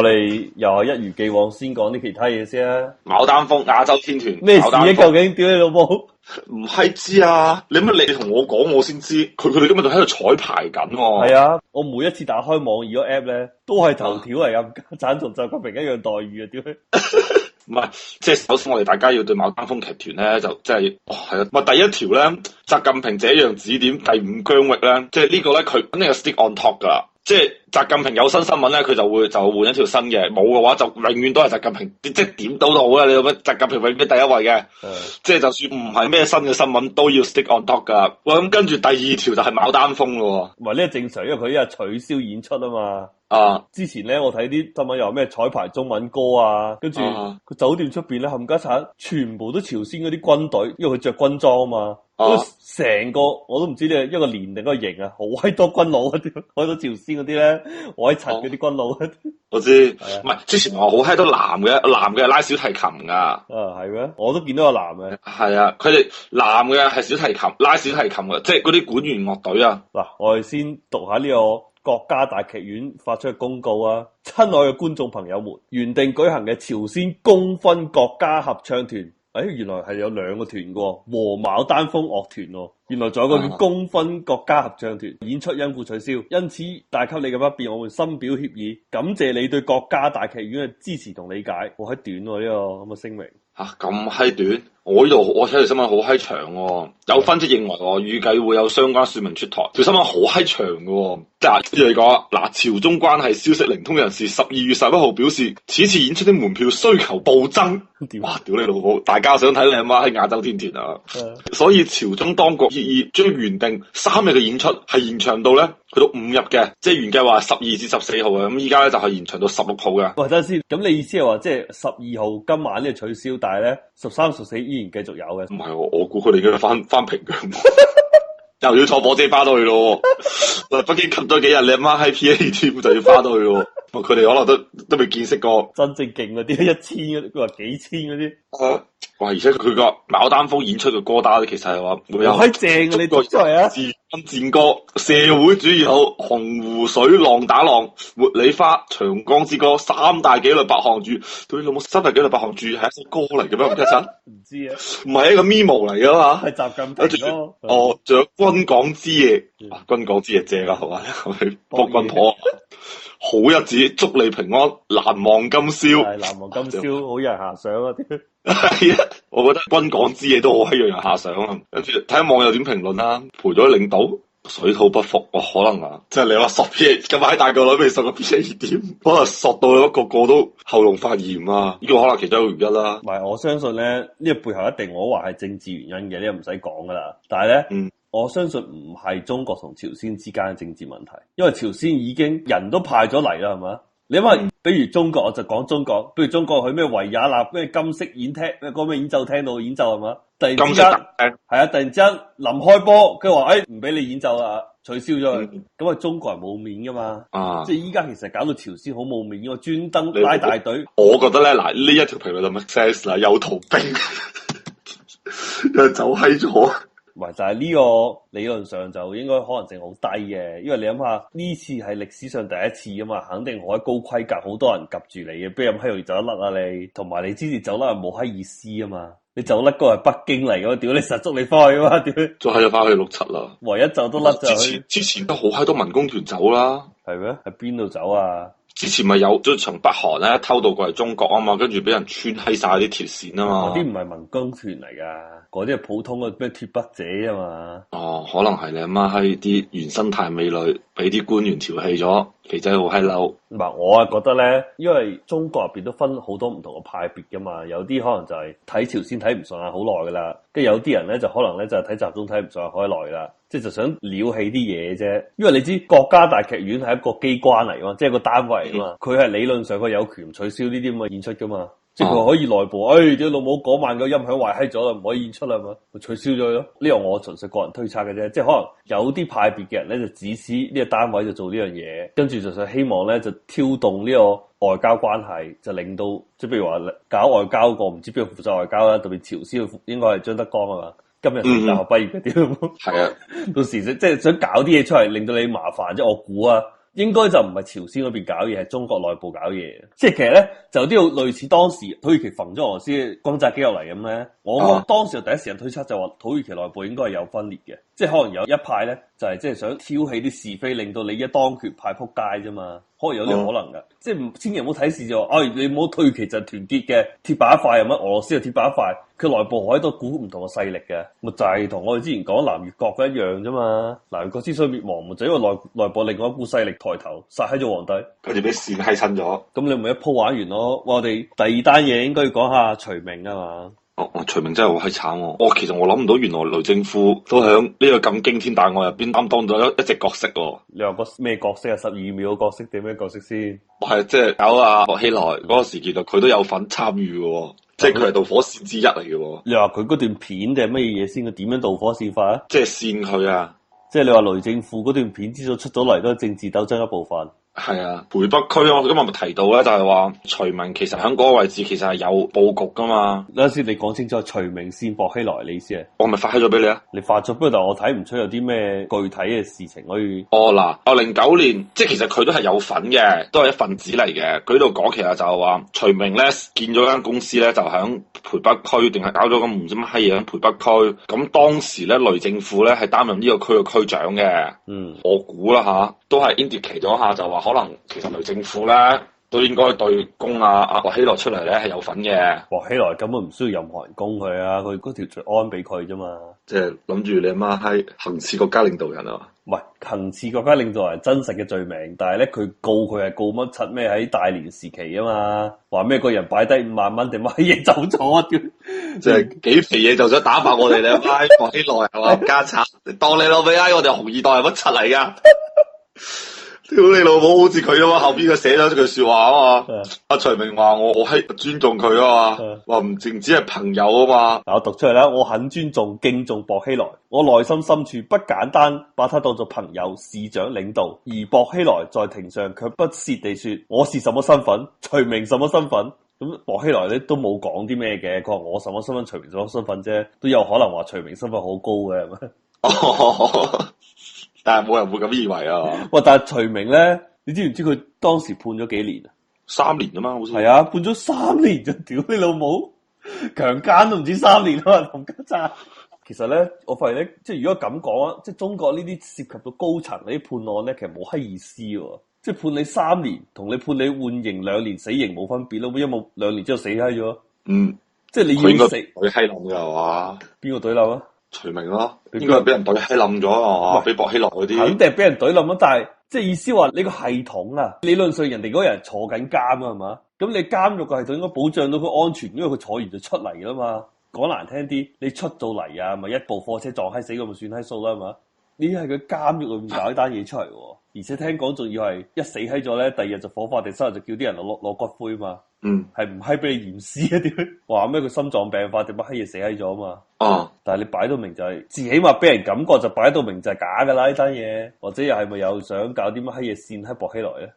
我哋又係一如既往，先講啲其他嘢先啊！牡丹峰亞洲天團咩事啊？究竟屌你老母唔閪知啊！你乜你同我講我先知，佢佢哋今日就喺度彩排緊，啊。係啊，我每一次打開網易嗰個 app 咧，都係頭條嚟，又讚同習近平一樣待遇嘅。屌，唔係， 即係首先我哋大家要對牡丹峰劇團咧，就即係係啊，咪、哦、第一條咧，習近平這樣指點第五疆域咧，即係呢個咧，佢肯定係 stick on top 噶啦。即係習近平有新新聞咧，佢就會就換一條新嘅，冇嘅話就永遠都係習近平，即係點到都好啦。你有咩習近平永遠第一位嘅，的即係就算唔係咩新嘅新聞，都要 stick on top 噶。哇，嗯，咁跟住第二條就係牡丹峰咯。唔係呢，正常，因為佢依家取消演出啊嘛。啊！之前咧，我睇啲新聞又咩彩排中文歌啊，跟住個、uh，酒店出邊咧冚家鏟，全部都朝鮮嗰啲軍隊，因為佢着軍裝啊嘛，成、uh，個我都唔知咧一個連定一個營啊，好閪多軍佬嗰啲，好多朝鮮嗰啲咧，我閪陳嗰啲軍佬啊！我知，唔係之前我好閪多男嘅，男嘅 拉小提琴噶，啊係咩？我都見到個男嘅，係啊，佢哋男嘅係小提琴，拉小提琴嘅，即係嗰啲管弦樂隊啊。嗱， 我哋先讀下呢、這個。國家大劇院發出嘅公告啊！親愛嘅觀眾朋友們，原定舉行嘅朝鮮功勳國家合唱團，誒、哎，原來係有兩個團嘅，和牡丹峰樂團，原來仲有個叫功勳國家合唱團演出因故取消，因此帶給你嘅不便，我們深表歉意，感謝你對國家大劇院嘅支持同理解。我喺、這個、短喎呢個咁嘅聲明。咁閪、啊、短，我呢度我睇條新聞好閪長喎，有分析認為我預計會有相關說明出台。條新聞好閪長嘅，即係啲人講啦，朝中關係消息靈通人士十二月十一號表示，此次演出的門票需求暴增， 哇！屌你老母，大家想睇你阿媽喺亞洲天團啊， 所以朝中當局協議將原定三日嘅演出係延長到咧。佢五入嘅，即係原計劃十二至十四號嘅，咁依家咧就係、是、延長到十六號嘅。喂，等陣先，咁你意思係話即係十二號今晚咧取消呢，但係咧十三、十四依然繼續有嘅。唔係我，我估佢哋而家翻翻平壤， 又要坐火車翻到去咯。喂， 北京近咗幾日，你阿媽喺 P A T 就要翻到去喎。 佢哋可能都都未見識過真正勁嗰啲一千佢話幾千嗰啲。哇、那個！而且佢個牡丹峰演出嘅歌單，其實係話會，會有。正嘅呢個真係啊！《戰歌》《社會主義好》《洪湖水浪打浪》《茉莉花》《長江之歌》三大紀律八項注意，對你老母三大紀律八項注意係一首歌嚟嘅咩？唔得親，唔知啊，唔係一個 memo 嚟噶嘛？係習近平有的哦，仲有《軍港之夜》，《 軍港之夜正》正噶好嘛？係波軍婆。 好日子，祝你平安，難忘今宵。係難忘今宵， 好有人遐想啊！係啊，我覺得軍港之夜都好閪讓人遐想啊！跟住睇下網友點評論啦、啊。陪咗領導，水土不服，可能啊。即係你話十億咁買大個女，未十個 B A 點，可能索到一個，個個都喉嚨發炎啊！呢、這個可能其中一個原因啦、啊。唔係，我相信咧，呢個背後一定我話係政治原因嘅，你、這個唔使講噶啦。但係咧，嗯。我相信唔係中國同朝鮮之間嘅政治問題，因為朝鮮已經人都派咗嚟啦，係嘛？你因為，比如中國，我就講中國，比如中國去咩維也納咩金色演廳，咩嗰咩演奏廳度演奏係嘛？突然間係啊，突然間臨開波，佢話誒唔俾你演奏啦，取消咗，咁、嗯、啊，中國人冇面噶嘛？啊，即係依家其實搞到朝鮮好冇面，我專登拉大隊。我覺得咧，嗱呢一條評論咁 sad 啦，有逃兵， 又走喺咗。同埋就係呢個理論上就應該可能性好低嘅，因為你諗下呢次係歷史上第一次啊嘛，肯定好喺高規格，好多人及住你嘅，邊有閪容易走甩啊你？同埋你之前走甩係冇喺意思啊嘛，你走甩個係北京嚟嘅，屌你實捉你翻去啊嘛，屌仲係要翻去六七啦。唯一走都甩就係之前之前都好閪多民工團走啦，係咩？喺邊度走啊？之前咪有都從北韓咧偷渡過嚟中國啊嘛，跟住俾人穿閪曬啲鐵線啊嘛，嗰啲唔係文工團嚟噶，嗰啲係普通嘅咩脫北者啊嘛。哦，可能係你阿媽閪啲原生態美女俾啲官員調戲咗。其實好嗨嬲。唔係我啊覺得咧，因為中國入邊都分好多唔同嘅派別噶嘛，有啲可能就係睇朝鮮睇唔順啊，好耐噶啦，跟住有啲人咧就可能咧就係睇集中睇唔順啊，好耐啦，即係就想撩起啲嘢啫，因為你知國家大劇院係一個機關嚟噶嘛，即係個單位嚟啊嘛，佢係理論上佢有權取消呢啲咁嘅演出噶嘛。即係佢可以內部，誒、啊，你、哎、老母嗰晚個音響壞閪咗啦，唔可以演出啦嘛，佢取消咗咯。呢個我純粹個人推測嘅啫，即係可能有啲派別嘅人咧就指使呢個單位就做呢樣嘢，跟住就就希望咧就挑動呢個外交關係，就令到即係譬如話搞外交、嗰個唔知邊個負責外交啦，特別朝鮮應該係張德江啊嘛，今日大學畢業嗰啲，係、嗯、 啊， 到時即係想搞啲嘢出嚟，令到你麻煩啫，即我估啊。應該就唔係朝鮮嗰邊搞嘢，係中國內部搞嘢。即係其實呢，就有啲類似當時土耳其焚咗俄羅斯轟炸機入嚟咁咧，我當時我第一時間推測就話土耳其內部應該係有分裂嘅。即係可能有一派咧，就係即係想挑起啲是非，令到你一當權派仆街啫嘛，可能有啲可能噶，哦、即係唔千祈唔好睇事就，哎你唔好推其就團結嘅，鐵板一塊係乜？俄羅斯嘅鐵板一塊，佢內部好多股唔同嘅勢力嘅，咪就係、是、同我哋之前講南越國一樣啫嘛。南越國之所以滅亡，就是、因為內內部另外一股勢力抬頭殺喺咗皇帝，佢哋俾扇閪親咗。咁你咪一鋪玩完咯。我哋第二單嘢應該要講下徐明啊嘛。我、哦、徐明真係好閪慘喎！其實我諗唔到，原來雷政富都喺呢個咁驚天大案入邊擔當咗一一隻角色喎、哦。你話個咩角色啊？十二秒角色點咩角色先？我係即係搞阿薄熙來嗰個時期，其實佢都有份參與嘅，即係佢係導火線之一嚟嘅、哦。你話佢嗰段片定係乜嘢嘢先？佢點樣導火線法啊？即係煽佢啊！即係你話雷政富嗰段片之後出咗嚟都係政治鬥爭一部分。係啊，培北區我今日咪提到咧，就係、是、話徐明其實喺嗰個位置其實係有布局噶嘛。嗱，先你講清楚徐明先薄熙來你意思啊，我咪發開咗俾你啊。你我是是發咗，發但我不過我睇唔出有啲咩具體嘅事情可以。哦、oh,，嗱，我零九年即係其實佢都係有份嘅，都係一份子嚟嘅。佢呢度講其實就係話徐明咧建咗間公司咧，就響培北區，定係搞咗個唔知乜閪嘢響培北區。咁當時咧雷政富咧係擔任呢個區嘅區長嘅。嗯，我估啦吓，都係 indicate 咗一下就話。可能其實雷政府咧都應該對供啊阿薄熙來出嚟咧係有份嘅。薄熙來根本唔需要任何人供佢啊，佢嗰條罪安俾佢啫嘛。即係諗住你阿媽係行刺國家領導人啊嘛？唔係行刺國家領導人真實嘅罪名，但係咧佢告佢係告乜柒咩喺大連時期啊嘛？話咩個人擺低五萬蚊定乜嘢走咗嘅？即係幾肥嘢就想打發我哋兩派？薄熙來係咪家賊？當你老味啊！我哋紅二代係乜柒嚟噶？屌你老母，好似佢啊嘛，後邊佢寫咗句說話啊嘛。阿徐明話我好係尊重佢啊嘛，話唔淨只係朋友啊嘛。我讀出嚟啦，我很尊重敬重薄熙來，我內心深處不簡單，把他當做朋友市長領導。而薄熙來在庭上卻不屑地說，我是什麼身份，徐明什麼身份？咁薄熙來咧都冇講啲咩嘅，佢話我什麼身份，徐明什麼身份啫，都有可能話徐明身份好高嘅係咪？ 但係冇人會咁以為啊！喂，但係徐明咧，你知唔知佢當時判咗幾年啊？三年啊嘛，好似係啊，判咗三年就屌你老母強姦都唔止三年啦，冚家鏟。其實咧，我發現咧，即係如果咁講，即係中國呢啲涉及到高層嗰啲判案咧，其實冇閪意思喎。即係判你三年，同你判你緩刑兩年，死刑冇分別咯。因為冇兩年之後死閪咗，嗯，即係你要食佢閪諗嘅話，邊個懟樓啊？除名咯，應該係俾人懟閪冧咗啊！哇是，俾薄熙來嗰啲肯定係俾人懟冧咯。但係即係意思話你個系統啊，理論上人哋嗰人坐緊監啊，係嘛？咁你監獄個系統應該保障到佢安全，因為佢坐完就出嚟噶嘛。講難聽啲，你出到嚟啊，咪一部貨車撞閪死咁，咪算閪數啦，係嘛？呢啲係佢監獄裏面搞單嘢出嚟，啊、而且聽講仲要係一死喺咗咧，第二日就火化，第三日就叫啲人攞攞骨灰嘛。嗯，係唔閪俾你驗屍啊？點？話咩？佢心臟病發定乜閪嘢死喺咗啊？嘛、嗯。哦。但係你擺到明就係、是，最起碼俾人感覺就擺到明就係假噶啦呢單嘢，或者又係咪有想搞啲乜閪嘢線，喺薄熙來咧？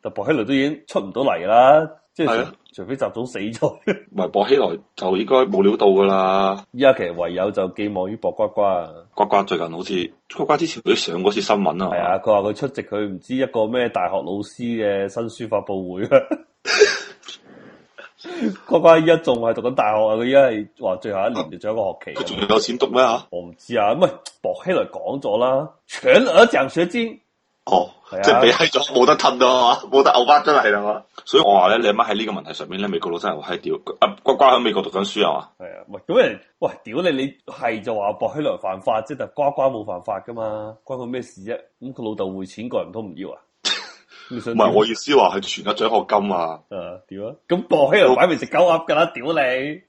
但薄熙來都已經出唔到嚟啦，即係除、哎、呀除非習總死咗，唔係薄熙來就應該冇料到噶啦。依家其實唯有就寄望於薄瓜瓜。瓜瓜最近好似瓜瓜之前佢上嗰次新聞啊，係啊、 嗯，佢話佢出席佢唔知一個咩大學老師嘅新書發布會啊。瓜瓜依家仲係讀緊大學啊，佢依家係話最後一年，就仲有一個學期，佢仲、啊、有錢讀咩、嗯哦、啊？我唔知啊，咁咪薄熙來講咗啦，全額獎學金。哦，即係俾咗，冇得吞咯，冇得嘔巴真係啦嘛。所以我話咧，你媽喺呢個問題上面咧，美國佬真係好閪屌。啊，瓜瓜喺美國讀緊書啊嘛。係啊，喂咁人喂屌你，你係就話薄熙來犯法即啫，就瓜瓜冇犯法噶嘛，關佢咩事啫？咁佢老豆匯錢過人都唔要啊？唔係我意思話係全額獎學金啊！誒，屌啊？咁搏喺度玩，咪食狗鴨噶啦，屌你！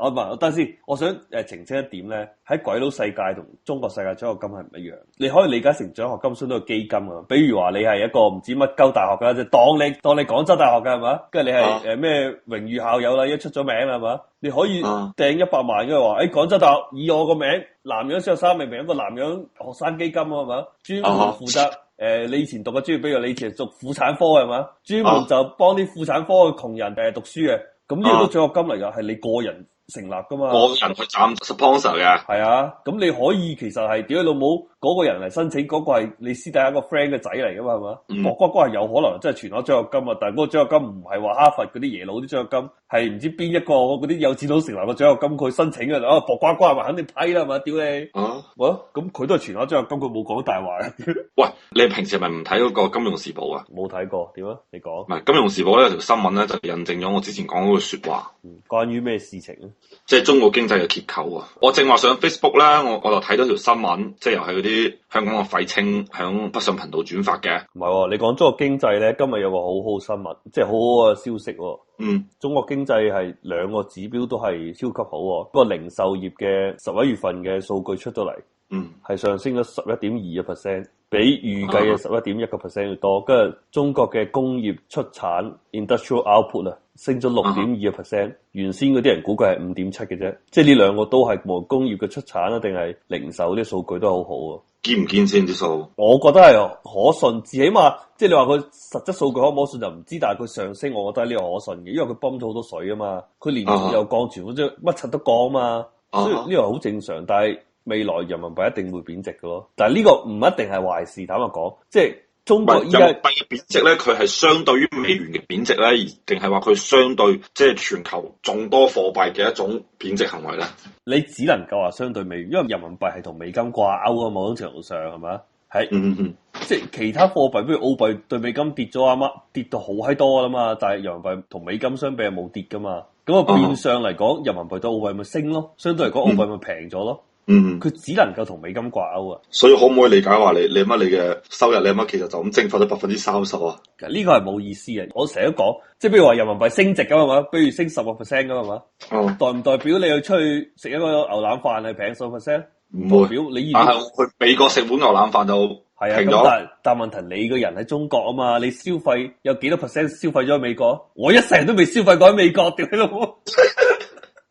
我問、哦，等陣先，我想誒澄清一點咧，喺鬼佬世界同中國世界獎學金係唔一樣。你可以理解成獎學金相當於基金啊。比如話你係一個唔知乜鳩大學㗎，即當你當你廣州大學㗎係嘛？跟住你係誒咩榮譽校友啦，一出咗名啦係嘛？你可以掟一百萬嘅話，誒、欸、廣州大學以我個名，南洋學生命名一個南洋學生基金啊嘛，專門負責誒、啊呃、你以前讀嘅專業比，比如你以前讀婦產科係嘛，專門就幫啲婦產科嘅窮人誒讀書嘅，咁呢個都獎學金嚟㗎，係你個人。成立噶嘛？個人去擔 sponsor 嘅，係啊，咁你可以其實，係屌你老母？嗰個人嚟申請，嗰、那個係你師弟一個 friend 嘅仔嚟噶嘛，係嘛？薄、嗯、瓜瓜係有可能即係存攞獎學金啊，但係嗰個獎學金唔係話哈佛嗰啲耶魯啲獎學金，係唔知邊一個嗰啲有錢佬成立嘅獎學金佢申請嘅，啊薄瓜瓜係咪肯定批啦嘛？屌你！咁佢、啊啊、都係存攞獎學金，佢冇講大話。 喂，你平時係咪唔睇嗰個《金融時報》啊？冇睇過，點啊？你講唔係《金融時報》咧，有條新聞咧就印證咗我之前講嗰句説話、嗯，關於咩事情啊？即係中國經濟嘅結構啊。我正話上 Facebook 啦，我我就睇到條新聞，即係又係啲。啲 香港嘅廢青響北上頻道轉發嘅，唔係喎。你講中國經濟咧，今日有個好好新聞，即係好好嘅消息喎。嗯，中國經濟係兩個指標都係超級好喎。不過零售業嘅十一月份嘅數據出咗嚟，嗯，係上升咗十一點二嘅 percent。 嗯比預計嘅十一點一個 percent 要多，跟住中國嘅工業出產 industrial output 啊，升咗六點二個 percent，原先嗰啲人估計係五點七嘅啫。即係呢兩個都係和工業嘅出產啊，定係零售啲數據都好好啊。堅唔堅先啲數？我覺得係可信，至起碼即係你話佢實質數據可唔可信就唔知，但係佢上升，我覺得呢個可信嘅，因為佢泵咗好多水啊嘛，佢年年有降潮，即係乜柒都降啊嘛，啊所以呢個好正常，但係。未來人民幣一定會貶值嘅咯，但係呢個唔一定係壞事。坦白講，即係中國依家人民幣貶值咧，佢係相對於美元嘅貶值咧，定係話佢相對即係、就是、全球眾多貨幣嘅一種貶值行為咧？你只能夠話相對美元，因為人民幣係同美金掛鈎啊。某種程度上係咪？係，嗯嗯嗯，即係其他貨幣，比如澳幣對美金跌咗啊嘛，跌到好閪多啦嘛，但係人民幣同美金相比係冇跌嘅嘛，咁啊變相嚟講，嗯、人民幣對澳幣咪升咯，相對嚟講，澳幣咪平咗咯。嗯，佢只能夠同美金掛鈎啊，所以可唔可以理解話，你你乜你嘅收入你乜其實就咁蒸發咗百分之三十啊？呢個係冇意思啊，我成日都講，即係比如話人民幣升值㗎嘛，比如升十個 percent 㗎嘛，嗯、代唔代表你去出去食一個牛腩飯係平十 percent？唔會，代表你但係去美國食碗牛腩飯就係啊，但係但問題你個人喺中國啊嘛，你消費有幾多 percent 消費咗喺美國？我一成都未消費過喺美國，屌你老母！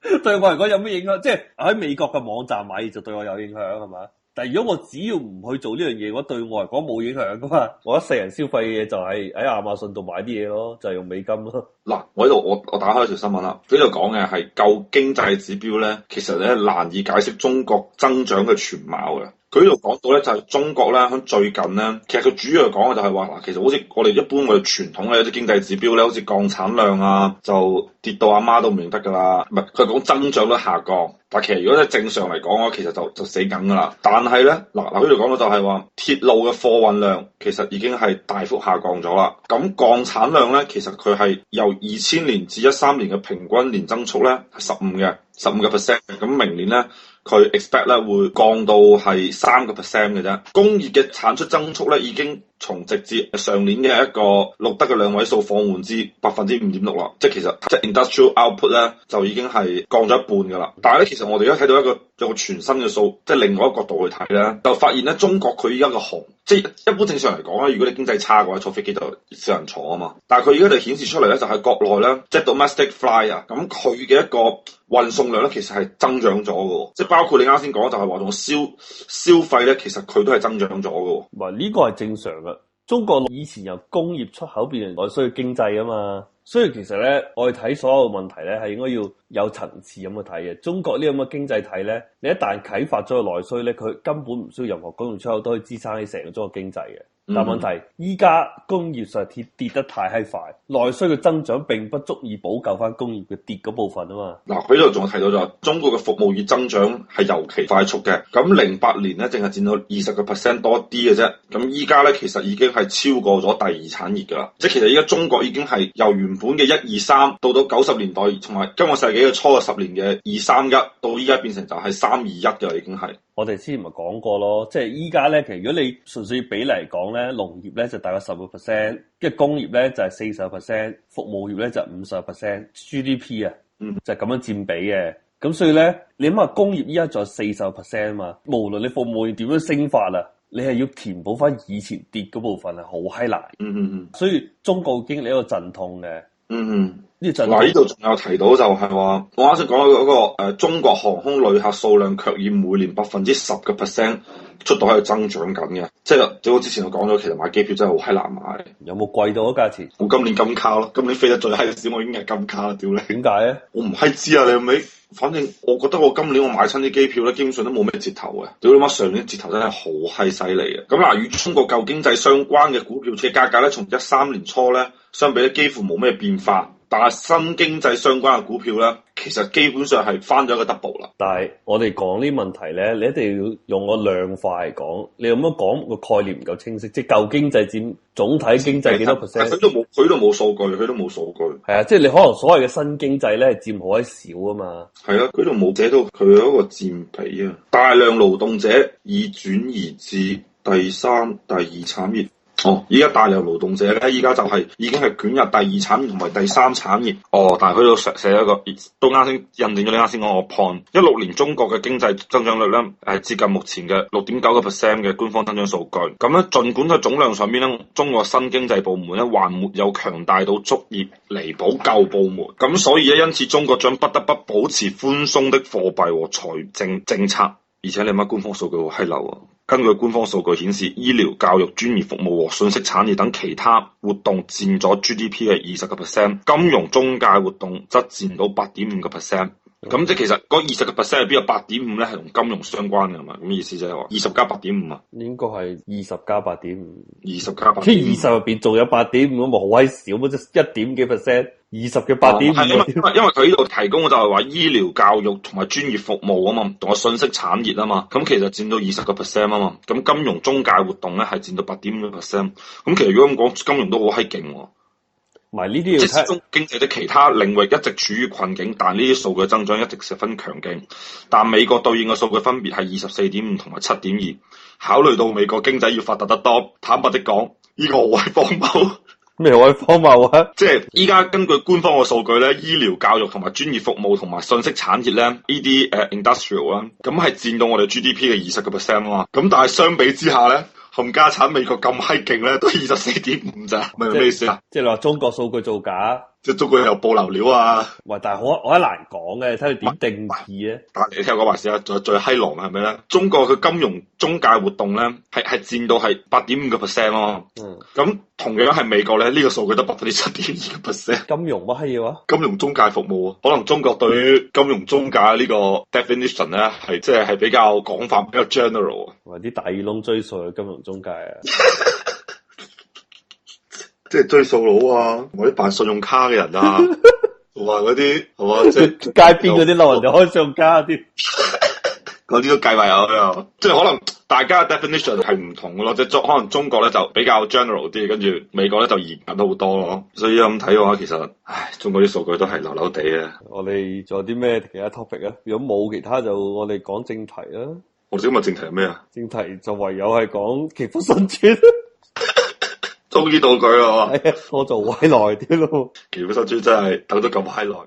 對我嚟講有咩影響？即係喺美國嘅網站買嘢就對我有影響係嘛？但係如果我只要唔去做呢樣嘢，嗰對我嚟講冇影響噶嘛？我一世人消費嘅嘢就係喺亞馬遜度買啲嘢咯，就係、用美金咯。嗱，我喺度我我打開一條新聞啦，呢度講嘅係舊經濟指標咧，其實咧難以解釋中國增長嘅全貌嘅。佢呢度講到咧就係中國咧喺最近咧，其實佢主要講嘅就係話，其實好似我哋一般我哋傳統嘅一啲經濟指標咧，好似鋼產量啊，就跌到阿媽都唔認得噶啦，唔係佢講增長率下降，但其實如果咧正常嚟講咧，其實就就死梗噶啦。但係咧嗱嗱，呢度講到就係話鐵路嘅貨運量其實已經係大幅下降咗啦。咁鋼產量咧，其實佢係由二千年至一三年嘅平均年增速咧十五嘅十五個 percent，咁明年咧。佢 expect 咧會降到係三個 percent 嘅啫，工業嘅產出增速咧已經。從直至上年嘅一個錄得嘅兩位數放緩至百分之五點六啦，即係其實即係、就是、industrial output 咧就已經係降咗一半噶啦。但係咧，其實我哋而家睇到一個有全新嘅數，即係另外一個角度去睇咧，就發現咧中國佢而家個航，即係一般正常嚟講咧，如果你經濟差嘅話，坐飛機就少人坐啊嘛。但係佢而家就顯示出嚟咧，就喺、是、國內咧，即係 domestic fly 啊、嗯，咁佢嘅一個運送量咧，其實係增長咗嘅，即係包括你啱先講就係話仲消消費咧，其實佢都係增長咗嘅。唔係呢個係正常。中國以前由工業出口變成外需要經濟啊嘛。所以其實咧，我哋睇所有問題咧，係應該要有層次咁去睇嘅。中國呢咁嘅經濟體咧，你一旦啟發咗個內需咧，佢根本唔需要任何工業出口都可以支撐起成個中國經濟嘅。嗯、但問題依家工業實體跌得太閪快，內需嘅增長並不足以補救翻工業嘅跌嗰部分啊嘛。嗱、嗯，佢呢度仲提到咗中國嘅服務業增長係尤其快速嘅。咁零八年咧，淨係佔到二十個 percent 多啲嘅啫。咁依家咧，其實已經係超過咗第二產業噶啦。即係其實依家中國已經係由原本嘅一二三到到九十年代，同埋今個世紀嘅初嘅十年嘅二三一，到依家變成就係三二一嘅，已經係。我哋之前咪講過咯，即係依家咧，其實如果你純粹比例嚟講咧，農業咧就大概十個 percent，即係工業咧就係四十 percent，服務業咧就五十 percent GDP 啊，就係咁樣佔比嘅。咁所以咧，你諗下工業依家仲有四十 percent 啊嘛，無論你服務業點樣升發啊。你係要填補翻以前跌嗰部分係好嗨難，嗯嗯嗯，mm hmm. 所以中國經歷一個陣痛嘅，嗯嗯、mm。Hmm. 嗱，呢度仲有提到就係話，我啱先講咗嗰個誒，中國航空旅客數量卻以每年百分之十嘅 percent 出度喺度增長緊嘅。即係，點我之前我講咗，其實買機票真係好閪難買。有冇貴到嘅價錢？我今年金卡咯，今年飛得最閪少我已經係金卡啦。屌你點解咧？我唔閪知啊，你咪，反正我覺得我今年我買親啲機票咧，基本上都冇咩折頭嘅。屌你媽上年折頭真係好閪犀利嘅。咁嗱、呃，與中國舊經濟相關嘅股票嘅價格咧，從一三年初咧，相比咧幾乎冇咩變化。但係新經濟相關嘅股票咧，其實基本上係翻咗一個 double 啦。但係我哋講呢問題咧，你一定要用個量化嚟講。你咁樣講，個概念唔夠清晰。即係舊經濟佔總體經濟幾多 percent？佢都冇，佢都冇數據，佢都冇數據。係啊，即係你可能所謂嘅新經濟咧，佔好喺少啊嘛。係啊，佢都冇寫到佢有一個佔比啊。大量勞動者已轉移至第三、第二產業。哦，依家大量勞動者咧，依家就係已經係捲入第二產同埋第三產業。哦，但係佢有寫咗一個都啱先認定咗你啱先講我判一六年中國嘅經濟增長率咧，係接近目前嘅六點九個 percent 嘅官方增長數據。咁咧，儘管喺總量上邊咧，中國新經濟部門咧還沒有強大到足以彌補舊部門，咁所以咧，因此中國將不得不保持寬鬆的貨幣和財政政策。而且你有乜官方數據會閪流啊！根據官方數據顯示，醫療、教育、專業服務和信息產業等其他活動佔咗 GDP 嘅二十個 percent，金融中介活動則佔到八點五個 percent。咁、嗯、即係其實嗰二十個 percent 入邊有八點五咧係同金融相關㗎嘛？咁意思就係話二十加八點五啊？應該係二十加八點五，二十加八點五。即二十入邊仲有八點五咁啊，好閪少即一點幾 percent？二十嘅八點二，因為佢呢度提供嘅就係話醫療教育、同埋專業服務啊嘛，同埋信息產業啊嘛，咁、嗯、其實佔到二十個 percent 啊嘛，咁、嗯、金融中介活動咧係佔到八點五 percent，咁其實如果咁講，金融都好閪勁喎。唔係呢啲，即係經濟嘅其他領域一直處於困境，但呢啲數據增長一直十分強勁。但美國對應嘅數據分別係二十四點五同埋七點二。考慮到美國經濟要發達得多，坦白的講，呢、這個我係幫咩開放啊？即係依家根據官方嘅數據咧，醫療教育同埋專業服務同埋信息產業咧呢啲誒、uh, industrial 啦，咁係占到我哋 GDP 嘅二十個 percent 啊嘛。咁但係相比之下咧，冚家鏟美國咁閪勁咧，都二十四點五咋？明咩意思啊？即係話中國數據造假。即係中國又報流料啊！喂，但係我我一難講嘅，睇你點定義咧。但你聽我話事啊，最最閪狼啊，係咪咧？中國嘅金融中介活動咧，係係佔到係八點五個 percent 咯。嗯。咁同樣係美國咧，呢、這個數據得百分之七點二個 percent。金融乜閪嘢啊？金融中介服務啊，可能中國對於金融中介個呢個 definition 咧，係即係係比較廣泛，比較 general。啊，喂，啲大耳窿追數嘅金融中介啊！ 即係追數佬啊！或者辦信用卡嘅人啊，話嗰啲係嘛，即係 街邊嗰啲老人就開信用卡啲 ，嗰啲都計埋啊！即係可能大家 definition 係唔同咯，即係中可能中國咧就比較 general 啲，跟住美國咧就嚴謹得好多咯。所以咁睇嘅話，其實唉，中國啲數據都係流流地啊！我哋仲有啲咩其他 topic 啊？如果冇其他就我哋講正題啊。我哋今日正題係咩啊？正題就唯有係講祈福新邨。終於到佢啦！我， 我坐開耐啲咯，其實收珠真係等咗咁閪耐。